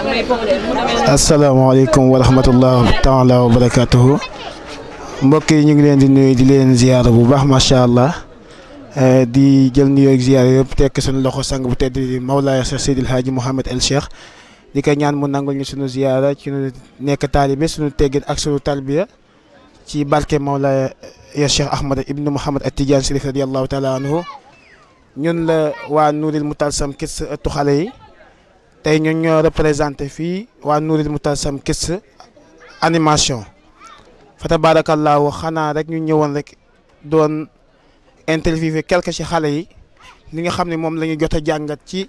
asalaamaaleykum wa rahmatullah taala wa barakaatuhu mbokk yi ñu ngi leen di nuyu di leen ziyaara bu baax macha allah eh, di jël nuyoo ak ziyaara yëpp tekk suñu loxo sang bu tedd di Mawlaaya Cheikh Seydil Hadji Mouhamed El Cheikh di ñaan mu nangul ñu suñu ziyaara ci ñu nekk taalibe suñu teggin ak suñu tarbiya ci barke Mawlaaya ya Cheikh Ahmad ibnu Mouhamed At-Tidiane Chérif radiyallahu taala anhu ñun la waa Nuuril Mutalsam kit xale yi tey ñoo ñoo représenté fii waa Nouril Moutalsam Kids animation fa tabaarakallaahu xanaa rek ñu ñëwoon rek doon interviewé quelque ci xale yi li nga xam ne moom la jot a jàngat ci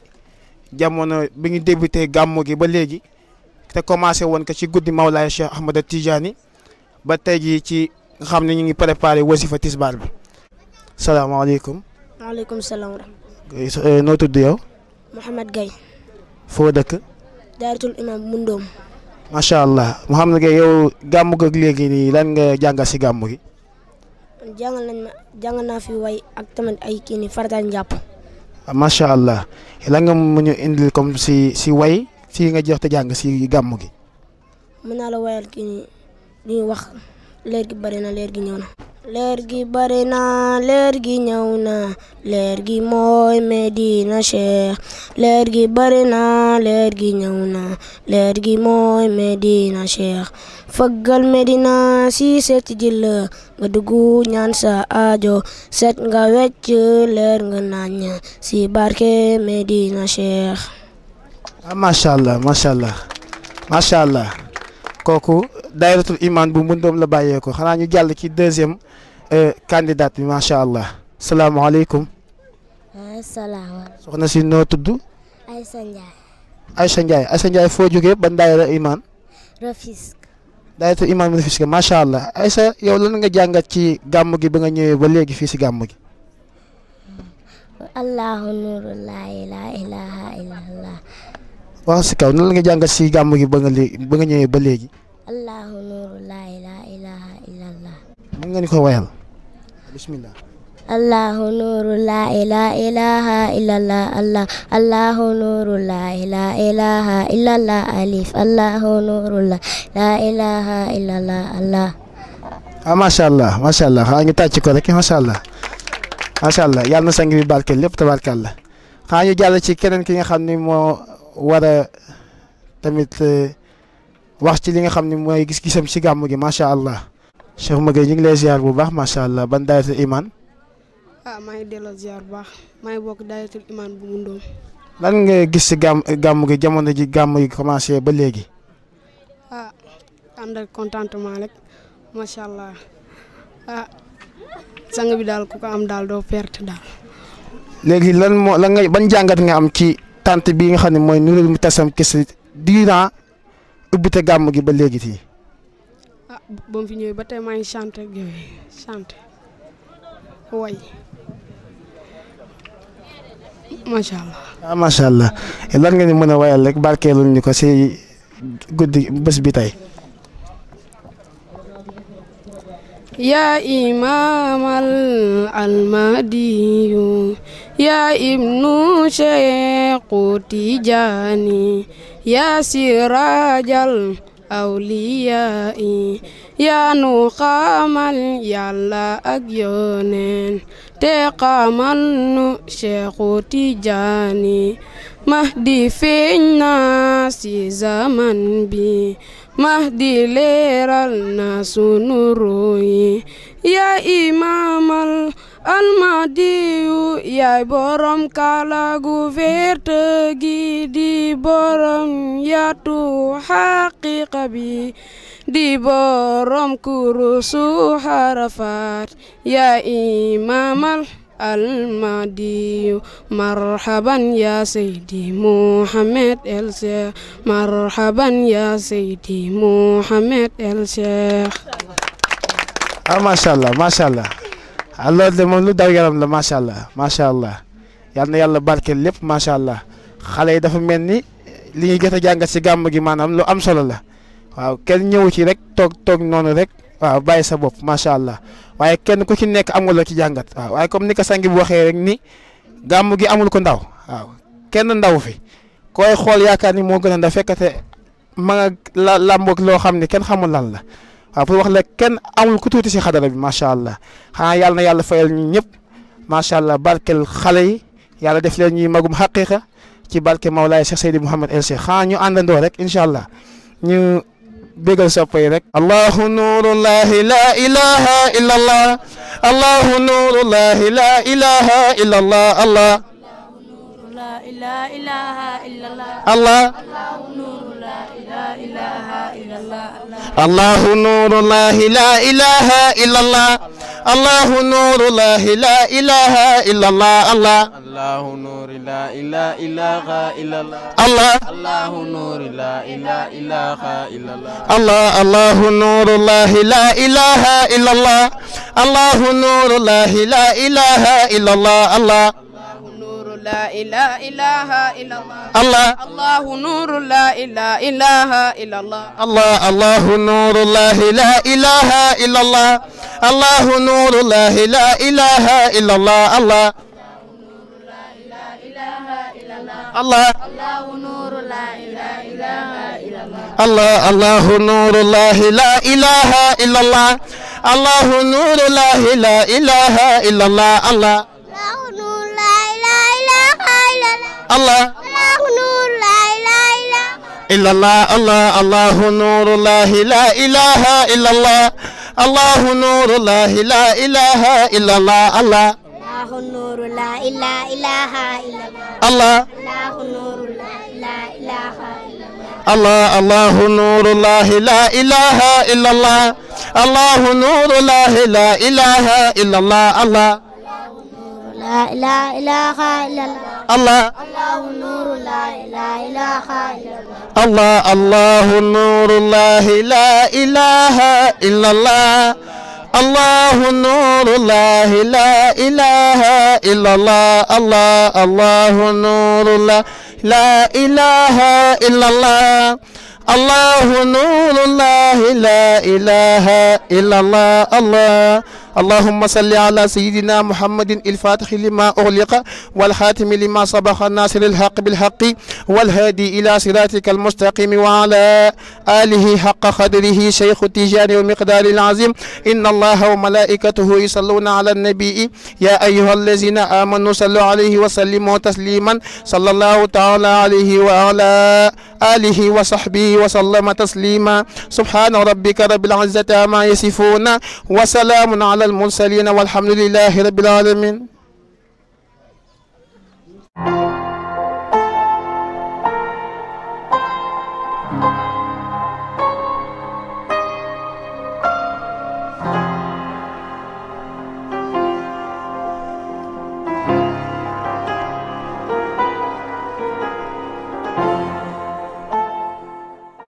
jamono bi ñu débuté gàmmu gi ba léegi te commencé woon ko ci guddi Mawlaay Cheikh Ahmada Tijaani ba tey jii ci nga xam ne ñu ngi préparé wasifa tisbaar bi. salaamaaleykum. maaleykum salaam. Eh, noo tudd yow. foo dëkk. daaratul imaam mu ndoom. macha allah Mouhamed Gueye yow gàmm gi ak léegi nii lan nga jàngal si gàmm gi. jàngal nañ ma jàngal ak tamit ay kii nii farata allah lan nga mu ñu indil comme si si way si nga jox te jàng si gàmmu gi. mën naa la wayal kii nii li wax leer gi bari na leer gi ñëw na. leer gi bari na leer gi ñëw na leer gi mooy Medina Cheikh leer gi bari na leer gi ñëw na leer gi mooy Medina Cheikh fëggal Medina si set jil la nga dugg ñaan sa ajo set nga wecc leer nga naññ si barke Medina Cheikh. ah macha allah macha allah macha allah kooku. daayratul iman bu mbëndoom la bàyyeeko xanaa ñu jàll ci deuxième euh, candidate bi macha allah salaamaaleykum. waaleykum salaam. soxna si noo tudd. Aïssa Ndiaye. Aïssa Ndiaye Aïssa Ndiaye foo jógee ban daayra iman. Rufisque. daayratul iman bu Rufisque macha allah Aïssa yow lan nga jàngat ci gàmm gi ba nga ñëwee ba léegi fii si gàmm gi. Allahu nuuru laa ilaaha illallah. wax si kaw nan la nga jàngat si gàmm gi ba nga léegi ba nga ñëwee ba léegi. allahu nuuru laa ilaaha illallah. mën ngeen ko wayal. bismillah. allahu nuuru laa ilaaha illallah allah allahu nuuru laa ilaaha illallah alif allahu nuuru laa ilaaha illallah allah. ah macha allah macha allah xaa ñu tàcc ko rek macha allah macha allah yàlla na sang bi barkeel lépp tabarkàlla xaa ñu jàll ci keneen ki nga xam ni moo war a tamit. Eh, wax ci li nga xam ne mooy gis-gisam ci gàmm gi macha allah. Cheikh Maguette ñu ngi lay ziar bu baax macha allah ban daayatul imaan. Ah, maa ngi delloo ziar baax maa ngi bokk daayatul imaan bu lan nga gis ci gàmm gàmm gi jamono ji gàmm gi commencé ba léegi. ah ànd ak macha allah ah sang bi daal ku ko am daal doo perte lan moo lan nga ban jàngat nga am ci tante bi nga xam ne mooy Nuurul Mujassam Kids durant ubbite gàmm gi ba léegi fii. ah ba mu fi ñëwee ba tey maa ngi chanté chanté way macha allah. ah macha allah lan nga ñu mën a wayal rek barkeelu ñu ko si guddi bés bi tey. yaa imaamal almadiyu يا ابن شيخ تجاني يا سراج الأولياء yaa nu xamal yàlla ak yoneen te xamal nu Seexu Tijaani di feeñ na ci zaman bi Mahdi leeral na sunu ruuy yaa imaamal almadiyu yaay borom kaala gu gi di borom yaatu xaqiqa bi di borom kurusu xarafaat yaa imaamal almadiyu marhaban yaa seydi Muhammad el Cheikh marhaban yaa seydi Muhammad el Cheikh. ah macha allah macha allah. ah loolu de moom lu daw yaram la macha allah macha allah yal na yàlla barkeel lépp macha allah xale yi dafa mel ni li ñuy a jàngat si gàmm gi maanaam lu am solo la waaw kenn ñëwu ci rek toog toog noonu rek bàyyi sa bopp macha allah waaye kenn ku ci nekk am nga loo ci jàngat waaye comme ni ko sangi bu waxee rek ni gàmm gi amul ko ndaw waaw kenn ndaw fi koy xool yaakaar ni moo gën a ndaw fekkate ma nga la làmboog loo xam ne kenn xamul lan la. waaw pour wax la kenn amul tuuti si xadara bi macha allah xanaa yàlla na yàlla fayal ñu ñëpp macha allah barkel xale yi yàlla def leen ñuy magum xaqiqa ci barke Mawlaay Cheikh Seydi Mouhamed El Cheikh xanaa ñu àndandoo rek incha allah ñu bégal soppay allah nurullahi la ilaha illa allah الله نور الله لا إله إلا الله الله نور الله لا إله إلا الله الله الله نور لا إله إلا الله الله الله نور لا إله إلا الله الله الله نور الله لا إله إلا الله الله نور الله لا إله إلا الله الله لا إله إله إلا الله الله الله نور لا إله إله إلا الله الله الله نور الله لا إله إلا الله الله نور الله لا إله إلا الله الله الله الله نور لا اله الا الله الله الله نور الله لا اله الا الله الله نور الله لا اله الا الله الله الله الله نور لا إله إلا الله الله الله نور الله لا إله إلا الله الله نور الله لا إله إلا الله الله الله نور لا إله إلا الله الله نور لا إله إلا الله الله نور الله لا إله إلا الله الله نور الله لا إله إلا الله الله لا إله إلا الله الله النور لا إله إلا الله الله النور الله لا إله إلا الله الله النور الله لا إله إلا الله الله الله النور الله لا إله إلا الله الله نور الله لا إله إلا الله الله اللهم صل على سيدنا محمد الفاتح لما أغلق والخاتم لما سبق الناصر الحق بالحق والهادي إلى صراطك المستقيم وعلى آله حق قدره شيخ التجار ومقدار العظيم إن الله وملائكته يصلون على النبي يا أيها الذين آمنوا صلوا عليه وسلموا تسليما صلى الله تعالى عليه وعلى آله وصحبه وسلم تسليما سبحان ربك رب العزة ما يصفون وسلام على المرسلين والحمد لله رب العالمين thank you